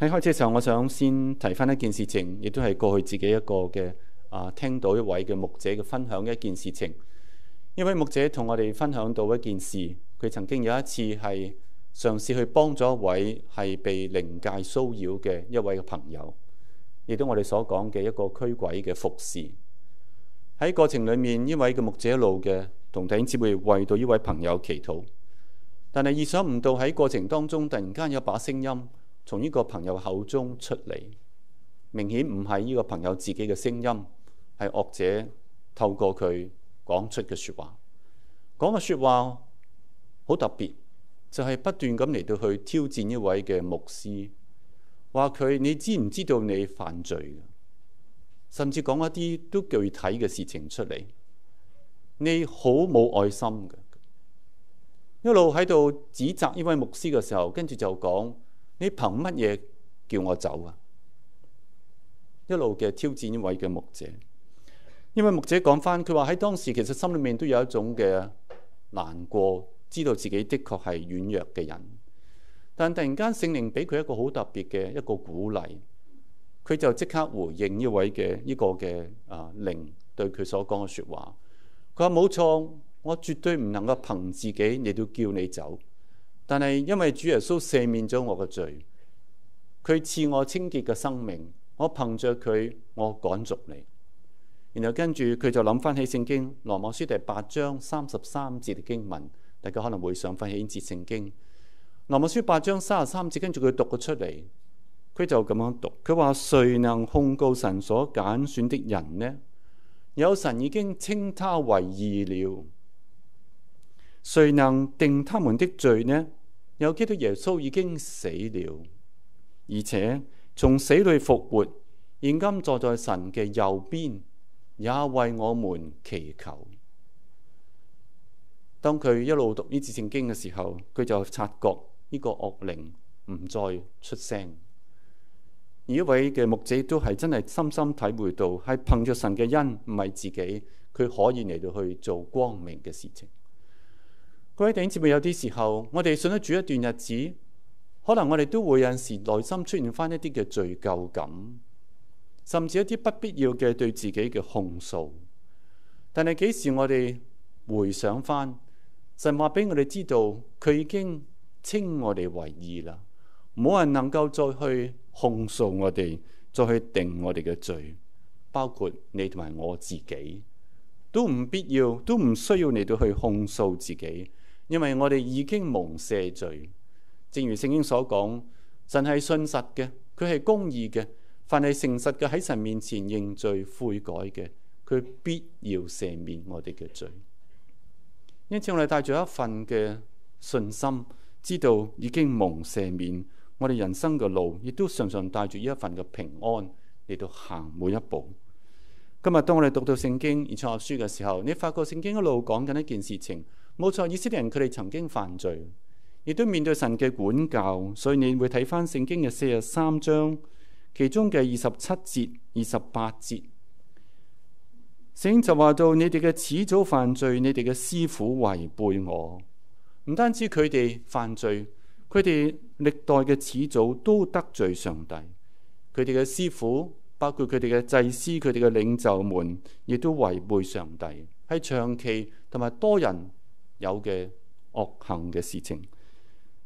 喺開始時候，我想先提翻一件事情，亦都係過去自己一個嘅啊，聽到一位嘅牧者嘅分享一件事情。呢位牧者同我哋分享到一件事，佢曾經有一次係嘗試去幫咗一位係被靈界騷擾嘅一位嘅朋友，亦都我哋所講嘅一個驅鬼嘅服侍。喺過程裡面，呢位嘅牧者一路嘅同弟兄姊妹為到呢位朋友祈禱，但係意想唔到喺過程當中突然間有把聲音。從呢個朋友口中出嚟，明顯唔係呢個朋友自己嘅聲音，係惡者透過佢講出嘅說話。講嘅說話好特別，就係不斷咁嚟到去挑戰一位嘅牧師，話佢，你知唔知道你犯罪？甚至講一啲都具體嘅事情出嚟，你好冇愛心嘅，一路喺度指責呢位牧師嘅時候，跟住就講。你憑乜嘢叫我走啊？一路嘅挑戰，一位嘅牧者，呢位牧者講翻，佢話喺當時其實心裏面都有一種嘅難過，知道自己的確係軟弱嘅人，但突然間聖靈俾佢一個好特別嘅一個鼓勵，佢就即刻回應呢位嘅呢個嘅啊靈對佢所講嘅說話，佢話冇錯，我絕對唔能夠憑自己嚟都叫你走。但係因為主耶穌赦免咗我嘅罪，佢賜我清潔嘅生命，我憑着佢，我趕逐你。然後跟住佢就諗翻起聖經羅馬書第八章三十三節嘅經文，大家可能會想翻起節聖經羅馬書八章三十三節，跟住佢讀咗出嚟，佢就咁樣讀，佢話誰能控告神所揀選的人呢？有神已經稱他為義了，誰能定他們的罪呢？有基督耶穌已經死了，而且從死裏復活，現今坐在神嘅右邊，也為我們祈求。當佢一路讀呢次聖經嘅時候，佢就察覺呢個惡靈唔再出聲。而一位嘅牧者都係真係深深體會到，係憑着神嘅恩，唔係自己，佢可以嚟到去做光明嘅事情。各位弟兄姊妹，有啲時候我哋信咗主一段日子，可能我哋都會有陣時內心出現翻一啲嘅罪疚感，甚至一啲不必要嘅對自己嘅控訴。但係幾時我哋回想翻，神話俾我哋知道，佢已經稱我哋為義啦，冇人能夠再去控訴我哋，再去定我哋嘅罪，包括你同埋我自己，都唔必要，都唔需要你哋去控訴自己。因為我哋已經蒙赦罪，正如聖經所講，神係信實嘅，佢係公義嘅，凡係誠實嘅喺神面前認罪悔改嘅，佢必要赦免我哋嘅罪。因此我哋帶住一份嘅信心，知道已經蒙赦免，我哋人生嘅路亦都常常帶住一份嘅平安嚟到行每一步。今日當我哋讀到聖經而創書嘅時候，你發覺聖經一路講緊一件事情。冇錯，以色列人佢哋曾經犯罪，亦都面對神嘅管教，所以你會睇翻聖經嘅四十三章，其中嘅二十七節、二十八節，聖經就話到：「你哋嘅始祖犯罪，你哋嘅師傅違背我。唔單止佢哋犯罪，佢哋歷代嘅始祖都得罪上帝，佢哋嘅師傅包括佢哋嘅祭司、佢哋嘅領袖們，亦都違背上帝，係長期同埋多人，有嘅惡行嘅事情，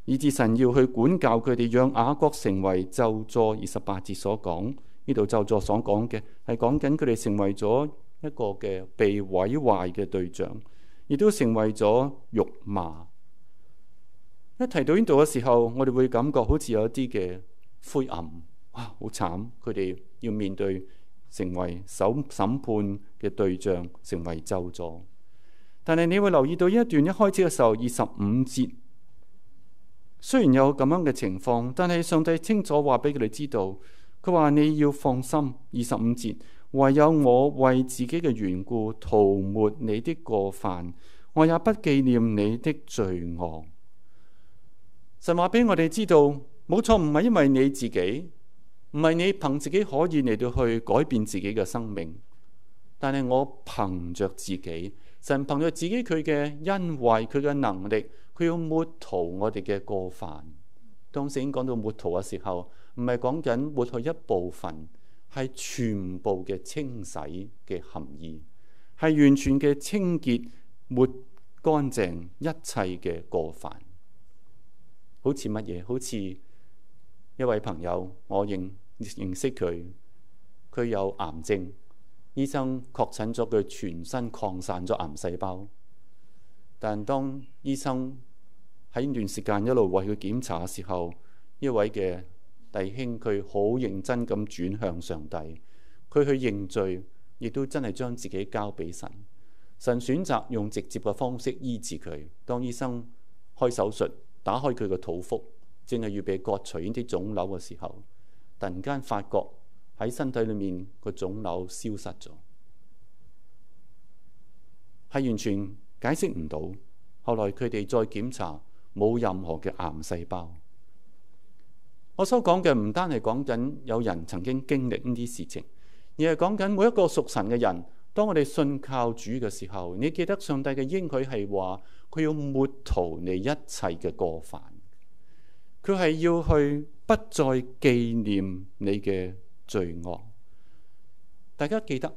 以致神要去管教佢哋，讓雅各成為咒詛。二十八節所講呢度咒詛所講嘅係講緊佢哋成為咗一個嘅被毀壞嘅對象，亦都成為咗辱罵。一提到呢度嘅時候，我哋會感覺好似有一啲嘅灰暗，哇，好慘！佢哋要面對成為受審判嘅對象，成為咒詛。但係你會留意到呢一段一開始嘅時候，二十五節雖然有咁樣嘅情況，但係上帝清楚話俾佢哋知道，佢話你要放心，二十五節唯有我為自己嘅緣故塗抹你的過犯，我也不紀念你的罪惡。神話俾我哋知道，冇錯，唔係因為你自己，唔係你憑自己可以嚟到去改變自己嘅生命，但係我憑着自己。神憑著自己佢嘅恩惠，佢嘅能力，佢要抹塗我哋嘅過犯。當時已經講到抹塗嘅時候，唔係講緊抹去一部分，係全部嘅清洗嘅含義，係完全嘅清潔、抹乾淨一切嘅過犯。好似乜嘢？好似一位朋友，我認認識佢，佢有癌症。醫生確診咗佢全身擴散咗癌細胞，但當醫生喺一段時間一路為佢檢查嘅時候，一位嘅弟兄佢好認真咁轉向上帝，佢去認罪，亦都真係將自己交俾神。神選擇用直接嘅方式醫治佢。當醫生開手術打開佢嘅肚腹，正係要俾割除呢啲腫瘤嘅時候，突然間發覺。喺身體裏面個腫瘤消失咗，係完全解釋唔到。後來佢哋再檢查冇任何嘅癌細胞。我所講嘅唔單係講緊有人曾經經歷呢啲事情，而係講緊每一個屬神嘅人，當我哋信靠主嘅時候，你記得上帝嘅應許係話佢要抹塗你一切嘅過犯，佢係要去不再紀念你嘅。罪惡，大家記得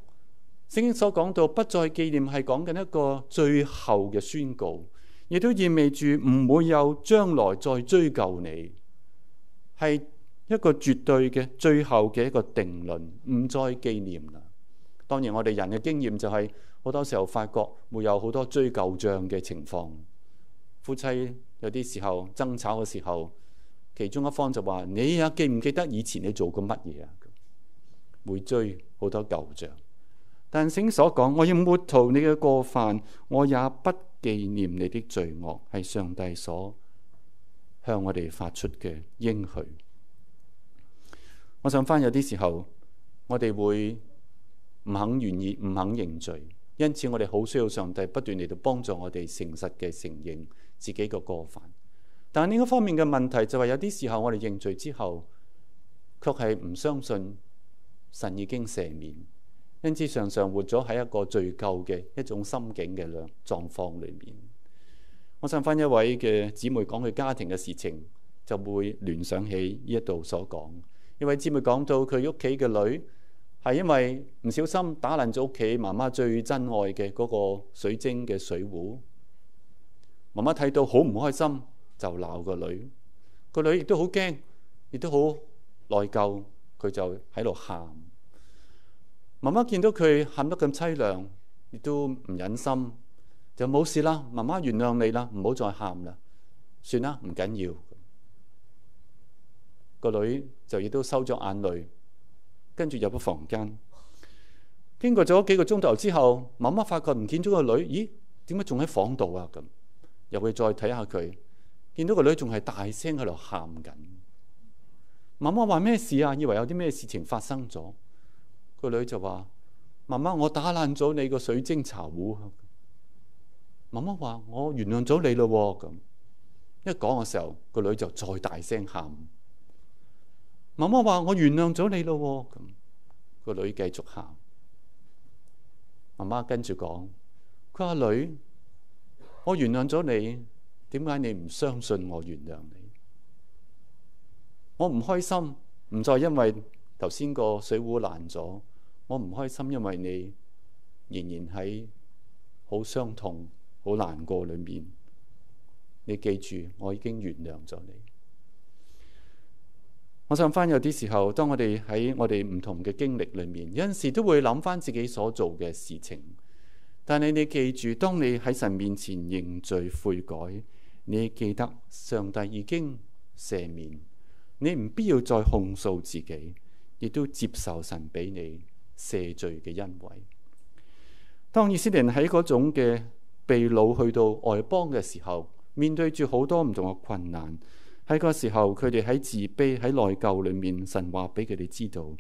聖經所講到不再紀念，係講緊一個最後嘅宣告，亦都意味住唔會有將來再追究你，係一個絕對嘅最後嘅一個定論，唔再紀念啦。當然，我哋人嘅經驗就係好多時候發覺會有好多追究賬嘅情況，夫妻有啲時候爭吵嘅時候，其中一方就話：你啊，記唔記得以前你做過乜嘢啊？會追好多舊賬，但聖所講：我要抹除你嘅過犯，我也不紀念你的罪惡。係上帝所向我哋發出嘅應許。我想翻有啲時候，我哋會唔肯願意，唔肯認罪，因此我哋好需要上帝不斷嚟到幫助我哋誠實嘅承認自己嘅過犯。但係另一方面嘅問題就係，有啲時候我哋認罪之後，卻係唔相信。神已經赦免，因此常常活咗喺一個罪疚嘅一種心境嘅狀況裏面。我想返一位嘅姊妹講佢家庭嘅事情，就會聯想起呢一度所講。一位姊妹講到佢屋企嘅女，係因為唔小心打爛咗屋企媽媽最珍愛嘅嗰個水晶嘅水壺，媽媽睇到好唔開心，就鬧個女。個女亦都好驚，亦都好內疚。佢就喺度喊，媽媽見到佢喊得咁凄涼，亦都唔忍心，就冇事啦。媽媽原諒你啦，唔好再喊啦，算啦，唔緊要。個女就亦都收咗眼淚，跟住入咗房間。經過咗幾個鐘頭之後，媽媽發覺唔見咗個女，咦？點解仲喺房度啊？咁入去再睇下佢，見到個女仲係大聲喺度喊緊。媽媽話咩事啊？以為有啲咩事情發生咗，個女就話：媽媽，我打爛咗你個水晶茶壺。媽媽話：我原諒咗你咯。咁一講嘅時候，個女就再大聲喊：媽媽話我原諒咗你咯。咁個女繼續喊，媽媽跟住講：佢話，女，我原諒咗你，點解你唔相信我原諒我唔開心，唔再因為頭先個水壺爛咗。我唔開心，因為你仍然喺好傷痛、好難過裏面。你記住，我已經原諒咗你。我想翻有啲時候，當我哋喺我哋唔同嘅經歷裏面，有陣時都會諗翻自己所做嘅事情。但係你記住，當你喺神面前認罪悔改，你記得上帝已經赦免。你唔必要再控訴自己，亦都接受神俾你赦罪嘅恩惠。當以色列人喺嗰種嘅被擄去到外邦嘅時候，面對住好多唔同嘅困難，喺嗰時候佢哋喺自卑、喺內疚裏面，神話俾佢哋知道：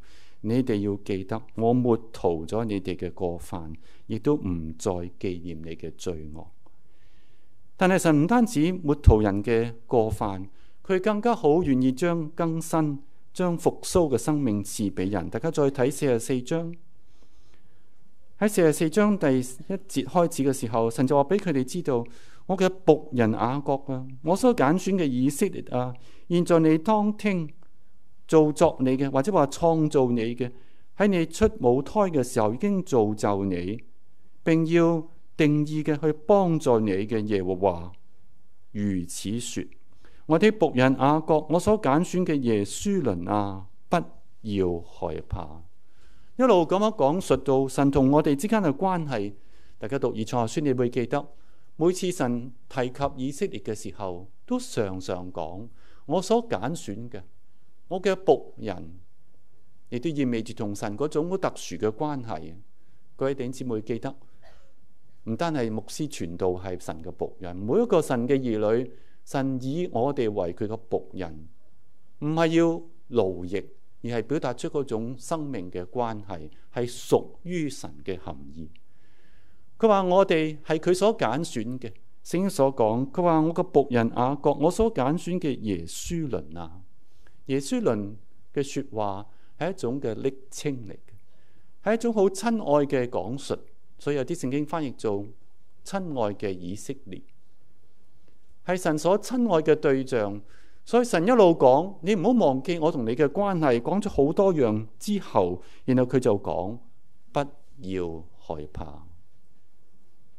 你哋要記得，我抹塗咗你哋嘅過犯，亦都唔再記念你嘅罪惡。但係神唔單止抹塗人嘅過犯。佢更加好願意將更新、將復甦嘅生命賜俾人。大家再睇四十四章，喺四十四章第一節開始嘅時候，神就話俾佢哋知道：我嘅僕人雅各啊，我所揀選嘅以色列啊，現在你當聽，造作你嘅，或者話創造你嘅，喺你出母胎嘅時候已經造就你，並要定意嘅去幫助你嘅耶和華如此説。我的僕人阿、啊、國，我所揀選嘅耶穌輪啊，不要害怕。一路咁樣講述到神同我哋之間嘅關係，大家讀以賽亞書，你會記得，每次神提及以色列嘅時候，都常常講我所揀選嘅我嘅僕人，亦都意味住同神嗰種好特殊嘅關係。各位弟兄姊妹記得，唔單係牧師傳道係神嘅僕人，每一個神嘅兒女。神以我哋為佢個僕人，唔係要奴役，而係表達出嗰種生命嘅關係，係屬於神嘅含義。佢話我哋係佢所揀選嘅。聖經所講，佢話我個僕人雅各，我所揀選嘅耶書崙啊，耶書崙嘅說話係一種嘅昵稱嚟嘅，係一種好親愛嘅講述。所以有啲聖經翻譯做親愛嘅以色列。係神所親愛嘅對象，所以神一路講，你唔好忘記我同你嘅關係。講咗好多樣之後，然後佢就講：不要害怕，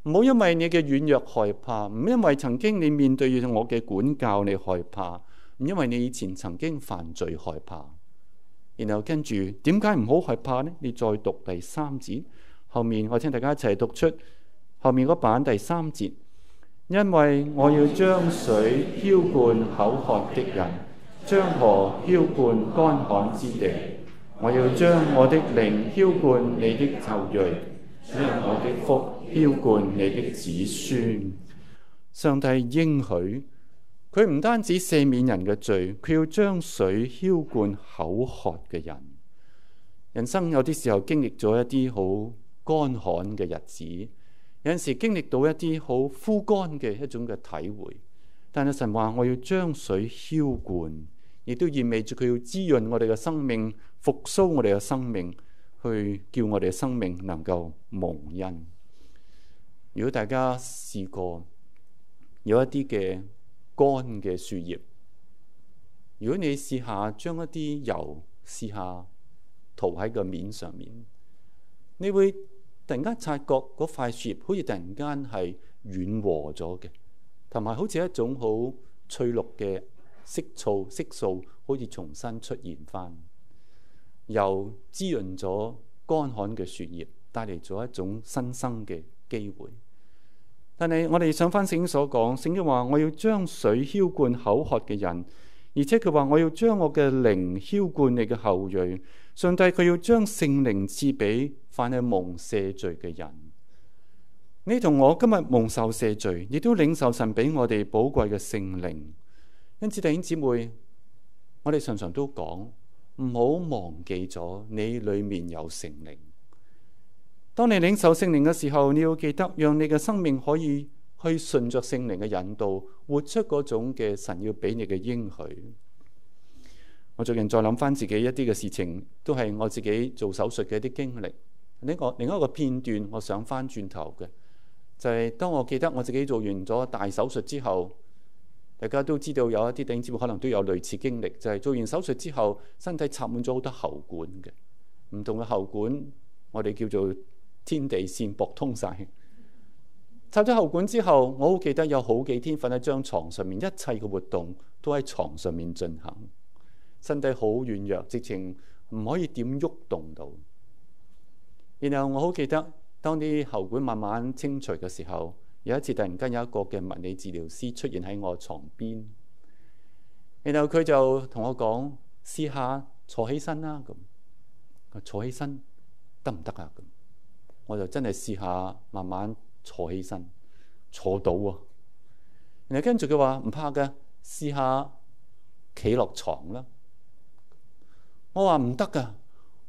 唔好因為你嘅軟弱害怕，唔因為曾經你面對我嘅管教你害怕，唔因為你以前曾經犯罪害怕。然後跟住點解唔好害怕呢？你再讀第三節，後面我請大家一齊讀出後面嗰版第三節。因為我要將水澆灌口渴的人，將河澆灌乾旱之地。我要將我的靈澆灌你的後裔，將我的福澆灌你的子孫。上帝應許，佢唔單止赦免人嘅罪，佢要將水澆灌口渴嘅人。人生有啲時候經歷咗一啲好乾旱嘅日子。有時經歷到一啲好枯乾嘅一種嘅體會，但係神話我要將水澆灌，亦都意味住佢要滋潤我哋嘅生命，復蘇我哋嘅生命，去叫我哋嘅生命能夠蒙恩。如果大家試過有一啲嘅乾嘅樹葉，如果你試下將一啲油試下塗喺個面上面，你會？突然間察覺嗰塊樹葉好似突然間係軟和咗嘅，同埋好似一種好翠綠嘅色素，色素好似重新出現翻，又滋潤咗乾旱嘅樹葉，帶嚟咗一種新生嘅機會。但係我哋上翻聖經所講，聖經話我要將水澆灌口渴嘅人，而且佢話我要將我嘅靈澆灌你嘅後裔。上帝佢要將聖靈賜俾凡係蒙赦罪嘅人。你同我今日蒙受赦罪，亦都領受神俾我哋寶貴嘅聖靈。因此，弟兄姊、姊妹，我哋常常都講，唔好忘記咗你裏面有聖靈。當你領受聖靈嘅時候，你要記得，讓你嘅生命可以去順着聖靈嘅引導，活出嗰種嘅神要俾你嘅應許。我最近再諗翻自己一啲嘅事情，都係我自己做手術嘅一啲經歷。呢個另一個片段，我想翻轉頭嘅就係、是、當我記得我自己做完咗大手術之後，大家都知道有一啲弟兄姊妹可能都有類似經歷，就係、是、做完手術之後，身體插滿咗好多喉管嘅唔同嘅喉管，我哋叫做天地線，駁通晒。插咗喉管之後，我好記得有好幾天瞓喺張床上面，一切嘅活動都喺床上面進行。身體好軟弱，直情唔可以點喐動到。然後我好記得，當啲喉管慢慢清除嘅時候，有一次突然間有一個嘅物理治療師出現喺我的床邊。然後佢就同我講：試下坐起身啦。咁坐起身得唔得啊？咁我就真係試下慢慢坐起身，坐到喎、啊。然後跟住佢話唔怕嘅，試下企落床啦。我話唔得噶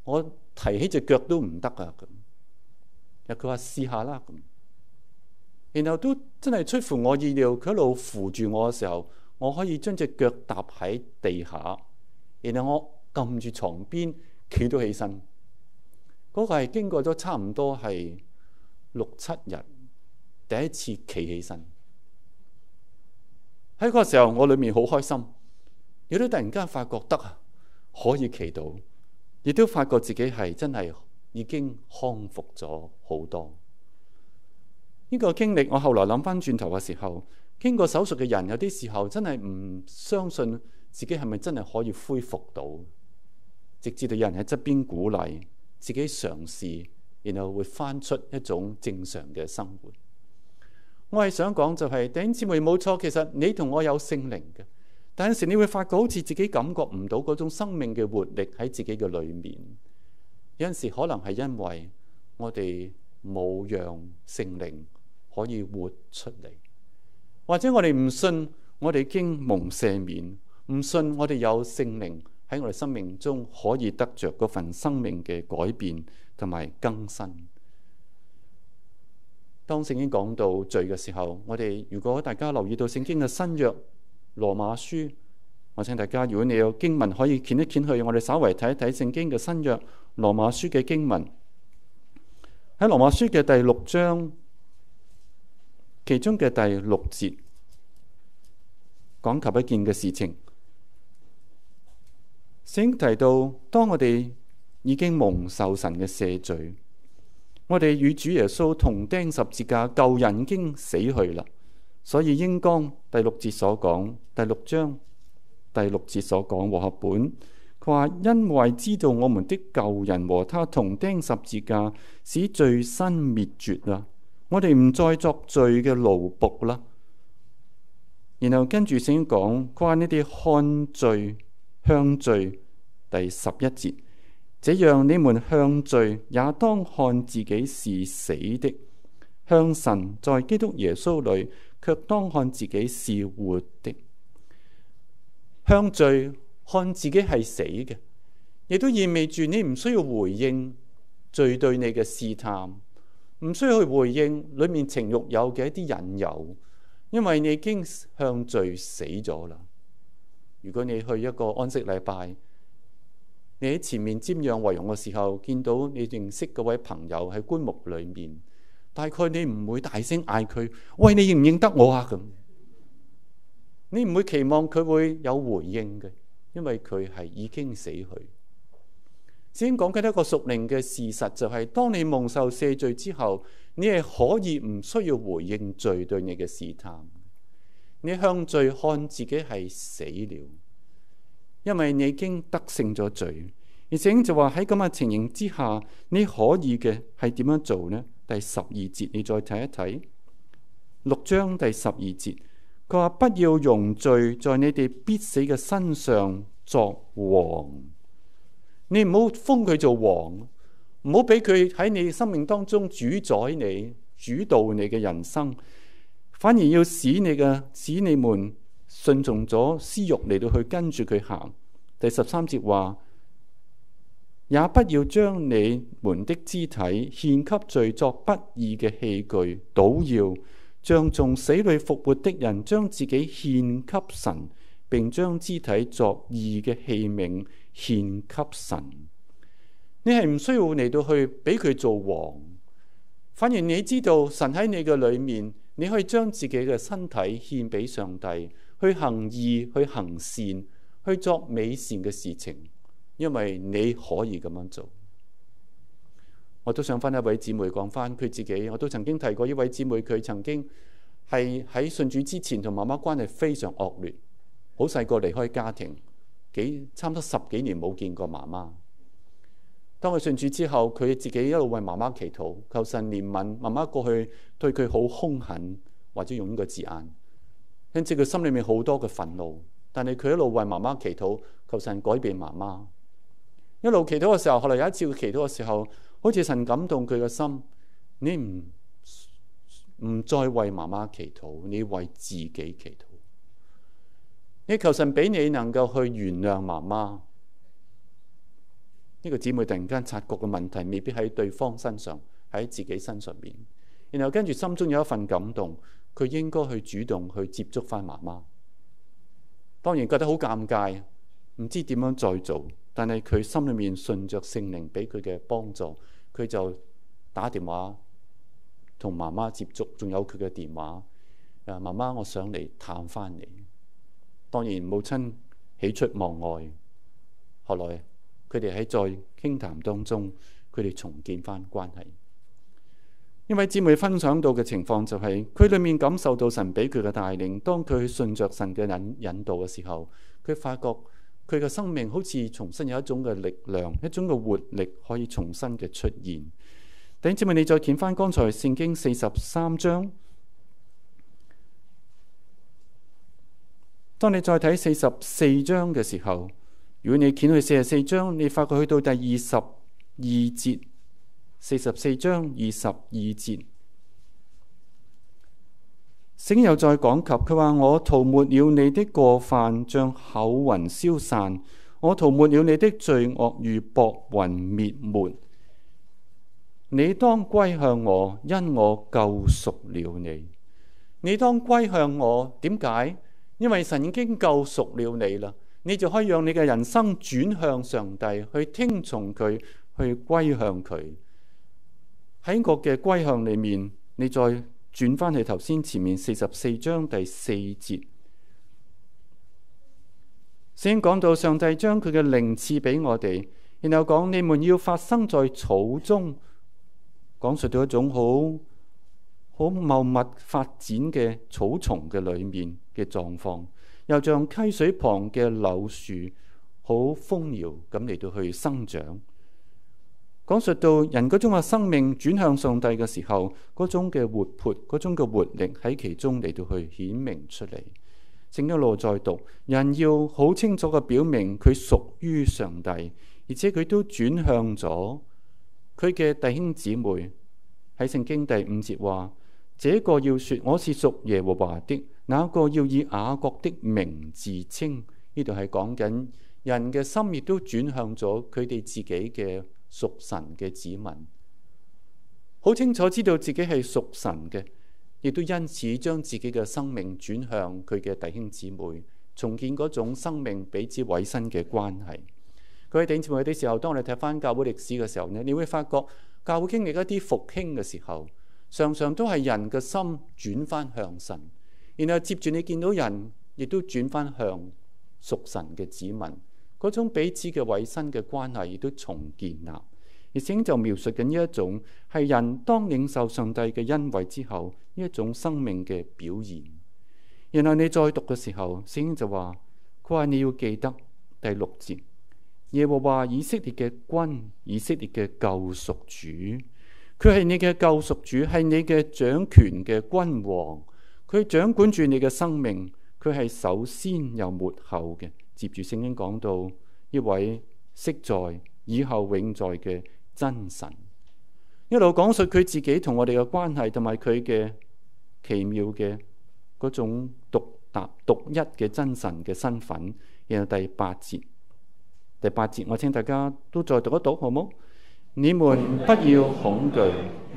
我提起隻腳都唔得噶咁。然後佢話試下啦，然後都真係出乎我意料，佢一路扶住我嘅時候，我可以將隻腳踏喺地下，然後我撳住床邊企到起身。嗰個係經過咗差唔多係六七日，第一次企起身。喺嗰個時候，我裏面好開心，有啲突然間發覺得啊。可以祈禱，亦都發覺自己係真係已經康復咗好多。呢、這個經歷，我後來諗翻轉頭嘅時候，經過手術嘅人有啲時候真係唔相信自己係咪真係可以恢復到，直至到有人喺側邊鼓勵自己嘗試，然後會翻出一種正常嘅生活。我係想講就係、是、弟兄姊妹冇錯，其實你同我有聖靈嘅。但有陣時你會發覺好似自己感覺唔到嗰種生命嘅活力喺自己嘅裏面，有陣時可能係因為我哋冇讓聖靈可以活出嚟，或者我哋唔信我哋已經蒙赦免，唔信我哋有聖靈喺我哋生命中可以得着嗰份生命嘅改變同埋更新。當聖經講到罪嘅時候，我哋如果大家留意到聖經嘅新約。羅馬書，我請大家，如果你有經文可以捲一捲去，我哋稍為睇一睇聖經嘅新約羅馬書嘅經文。喺羅馬書嘅第六章，其中嘅第六節講及一件嘅事情，聖經提到，當我哋已經蒙受神嘅赦罪，我哋與主耶穌同釘十字架，舊人已經死去啦。所以英光第六節所講，第六章第六節所講和合本，佢話，因為知道我們的舊人和他同釘十字架，使罪身滅絕啦。我哋唔再作罪嘅奴僕啦。然後跟住先講，佢話呢啲看罪、向罪。第十一節，這樣你們向罪也當看自己是死的，向神在基督耶穌裏。卻當看自己是活的，向罪看自己係死嘅，亦都意味住你唔需要回應罪對你嘅試探，唔需要去回應裏面情欲有嘅一啲引誘，因為你已經向罪死咗啦。如果你去一個安息禮拜，你喺前面瞻仰遺容嘅時候，見到你認識嗰位朋友喺棺木裏面。大概你唔會大聲嗌佢，喂，你認唔認得我啊？咁你唔會期望佢會有回應嘅，因為佢係已經死去。先講嘅一個屬靈嘅事實就係、是，當你蒙受赦罪之後，你係可以唔需要回應罪對你嘅試探。你向罪看自己係死了，因為你已經得勝咗罪。而且就話喺咁嘅情形之下，你可以嘅係點樣做呢？第十二節，你再睇一睇六章第十二節，佢話，不要容罪在你哋必死嘅身上作王，你唔好封佢做王，唔好俾佢喺你生命當中主宰你、主導你嘅人生，反而要使你嘅使你們順從咗私欲嚟到去跟住佢行。第十三節話。也不要將你們的肢體獻給罪作不義嘅器具，倒要像從死裏復活的人，將自己獻給神，並將肢體作義嘅器皿獻給神。你係唔需要嚟到去俾佢做王，反而你知道神喺你嘅裏面，你可以將自己嘅身體獻俾上帝，去行義，去行善，去作美善嘅事情。因為你可以咁樣做，我都想翻一位姊妹講翻佢自己。我都曾經提過一位姊妹，佢曾經係喺信主之前同媽媽關係非常惡劣，好細個離開家庭，幾差唔多十幾年冇見過媽媽。當佢信主之後，佢自己一路為媽媽祈禱、求神憐憫。媽媽過去對佢好兇狠，或者用呢個字眼，因此，佢心裏面好多嘅憤怒。但係佢一路為媽媽祈禱、求神改變媽媽。一路祈禱嘅時候，後來有一次佢祈禱嘅時候，好似神感動佢嘅心。你唔唔再為媽媽祈禱，你為自己祈禱。你求神俾你能夠去原諒媽媽。呢個姊妹突然間察覺嘅問題，未必喺對方身上，喺自己身上面。然後跟住心中有一份感動，佢應該去主動去接觸翻媽媽。當然覺得好尷尬，唔知點樣再做。但係佢心裏面順着聖靈俾佢嘅幫助，佢就打電話同媽媽接觸，仲有佢嘅電話。誒，媽媽，我想嚟探翻你。當然母親喜出望外。後來佢哋喺再傾談當中，佢哋重建翻關係。一位姊妹分享到嘅情況就係，佢裏面感受到神俾佢嘅帶領，當佢去順著神嘅引引導嘅時候，佢發覺。佢嘅生命好似重新有一種嘅力量，一種嘅活力可以重新嘅出現。弟兄姊妹，你再掀翻剛才聖經四十三章。當你再睇四十四章嘅時候，如果你掀去四十四章，你發覺去到第二十二節，四十四章二十二節。神又再講及佢話：我塗抹了你的過犯，將口雲消散；我塗抹了你的罪惡，如薄雲滅沒。你當歸向我，因我救贖了你。你當歸向我，點解？因為神已經救贖了你啦，你就可以讓你嘅人生轉向上帝，去聽從佢，去歸向佢。喺我嘅歸向裏面，你再。轉返去頭先前面四十四章第四節，先講到上帝將佢嘅靈賜俾我哋，然後講你們要發生在草中，講述到一種好好茂密發展嘅草叢嘅裏面嘅狀況，又像溪水旁嘅柳樹，好風搖咁嚟到去生長。講述到人嗰種嘅生命轉向上帝嘅時候，嗰種嘅活潑，嗰種嘅活力喺其中嚟到去顯明出嚟。聖一路再讀，人要好清楚嘅表明佢屬於上帝，而且佢都轉向咗佢嘅弟兄姊妹。喺聖經第五節話，這個要說我是屬耶和華的，那個要以雅各的名自稱，呢度係講緊人嘅心亦都轉向咗佢哋自己嘅屬神嘅子民，好清楚知道自己係屬神嘅，亦都因此將自己嘅生命轉向佢嘅弟兄姊妹，重建嗰種生命彼此委身嘅關係。佢喺弟兄姊妹嘅時候，當我哋睇翻教會歷史嘅時候呢，你會發覺教會經歷一啲復興嘅時候，常常都係人嘅心轉翻向神，然後接住你見到人亦都轉翻向屬神嘅子民。嗰種彼此嘅委身嘅關係亦都重建啦。聖經就描述緊呢一種係人當領受上帝嘅恩惠之後，呢一種生命嘅表現。然後你再讀嘅時候，聖經就話：佢話你要記得第六節，耶和華以色列嘅君，以色列嘅救贖主，佢係你嘅救贖主，係你嘅掌權嘅君王，佢掌管住你嘅生命，佢係首先又末後嘅。接住聖經講到一位昔在、以後永在嘅真神，一路講述佢自己同我哋嘅關係，同埋佢嘅奇妙嘅嗰種獨特、獨一嘅真神嘅身份。然後第八節，第八節，我請大家都再讀一讀，好冇？你們不要恐懼，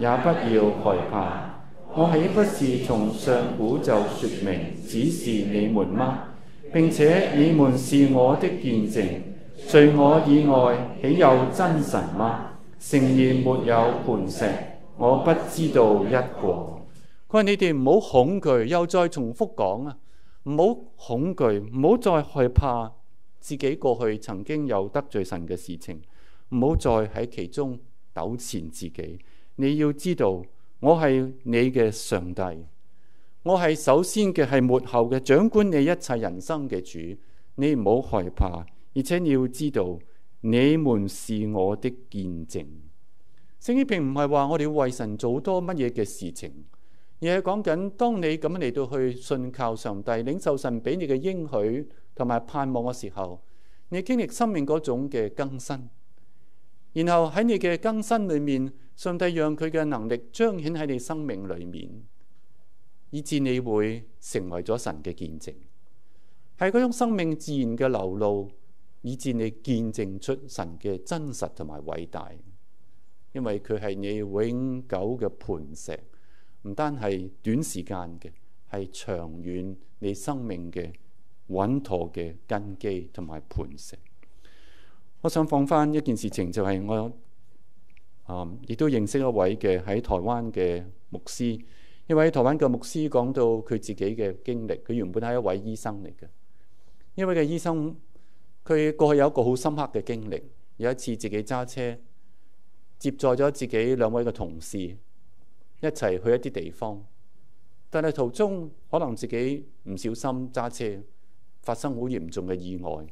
也不要害怕，我豈不是從上古就説明指示你們嗎？並且你們是我的見證，除我以外，豈有真神嗎？誠然沒有磐石，我不知道一個。佢話：你哋唔好恐懼，又再重複講啊！唔好恐懼，唔好再害怕自己過去曾經有得罪神嘅事情，唔好再喺其中糾纏自己。你要知道，我係你嘅上帝。我係首先嘅係末後嘅掌管你一切人生嘅主，你唔好害怕，而且你要知道，你們是我的見證。聖經並唔係話我哋為神做多乜嘢嘅事情，而係講緊當你咁樣嚟到去信靠上帝，領受神俾你嘅應許同埋盼望嘅時候，你經歷生命嗰種嘅更新，然後喺你嘅更新裏面，上帝讓佢嘅能力彰顯喺你生命裏面。以至你會成為咗神嘅見證，係嗰種生命自然嘅流露，以至你見證出神嘅真實同埋偉大。因為佢係你永久嘅磐石，唔單係短時間嘅，係長遠你生命嘅穩妥嘅根基同埋磐石。我想放翻一件事情，就係、是、我啊，亦、嗯、都認識一位嘅喺台灣嘅牧師。一位台灣嘅牧師講到佢自己嘅經歷，佢原本係一位醫生嚟嘅。一位嘅醫生，佢過去有一個好深刻嘅經歷。有一次自己揸車接載咗自己兩位嘅同事一齊去一啲地方，但係途中可能自己唔小心揸車發生好嚴重嘅意外。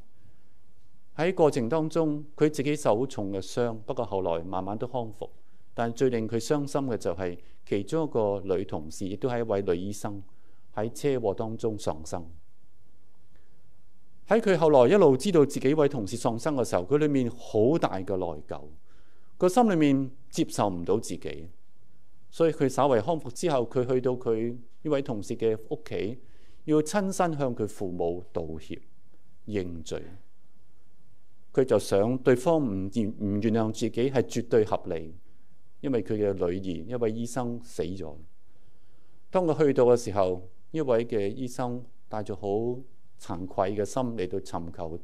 喺過程當中，佢自己受好重嘅傷，不過後來慢慢都康復。但最令佢傷心嘅就係其中一個女同事，亦都係一位女醫生，喺車禍當中喪生。喺佢後來一路知道自己位同事喪生嘅時候，佢裏面好大嘅內疚，個心裏面接受唔到自己，所以佢稍為康復之後，佢去到佢呢位同事嘅屋企，要親身向佢父母道歉認罪。佢就想對方唔原唔原諒自己，係絕對合理。因為佢嘅女兒一位醫生死咗，當佢去到嘅時候，呢位嘅醫生帶住好慚愧嘅心嚟到尋求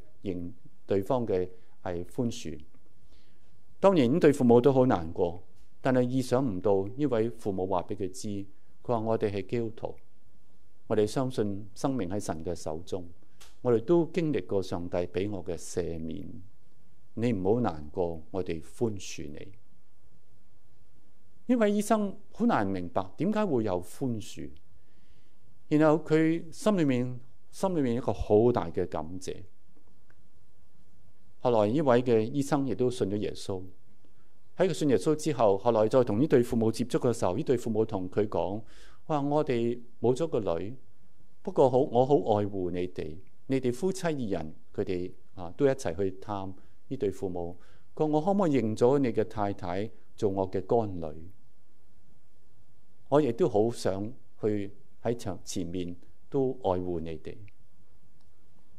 對方嘅寬恕。當然，對父母都好難過，但係意想唔到呢位父母話俾佢知，佢話我哋係基督徒，我哋相信生命喺神嘅手中，我哋都經歷過上帝俾我嘅赦免。你唔好難過，我哋寬恕你。呢位醫生好難明白點解會有寬恕，然後佢心裏面心裏面有一個好大嘅感謝。後來呢位嘅醫生亦都信咗耶穌。喺佢信耶穌之後，後來再同呢對父母接觸嘅時候，呢對父母同佢講：哇！我哋冇咗個女，不過好我好愛護你哋。你哋夫妻二人佢哋啊都一齊去探呢對父母。佢話：我可唔可以認咗你嘅太太做我嘅乾女？我亦都好想去喺牆前面都愛護你哋。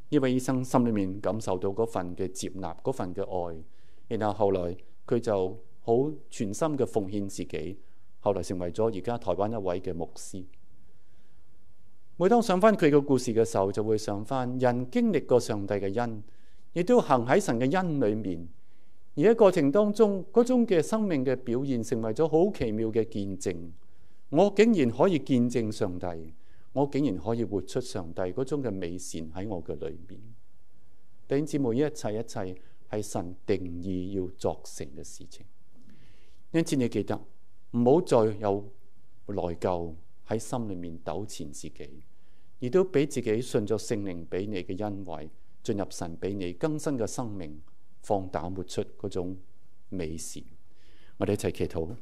呢位醫生心裏面感受到嗰份嘅接納，嗰份嘅愛。然後後來佢就好全心嘅奉獻自己，後來成為咗而家台灣一位嘅牧師。每當想翻佢嘅故事嘅時候，就會上翻人經歷過上帝嘅恩，亦都行喺神嘅恩裏面。而喺過程當中，嗰種嘅生命嘅表現，成為咗好奇妙嘅見證。我竟然可以見證上帝，我竟然可以活出上帝嗰種嘅美善喺我嘅裏面。弟兄姊妹，一切一切係神定義要作成嘅事情。因此，你記得唔好再有內疚喺心裏面糾纏自己，而都俾自己信咗聖靈俾你嘅恩惠，進入神俾你更新嘅生命，放膽活出嗰種美善。我哋一齊祈禱。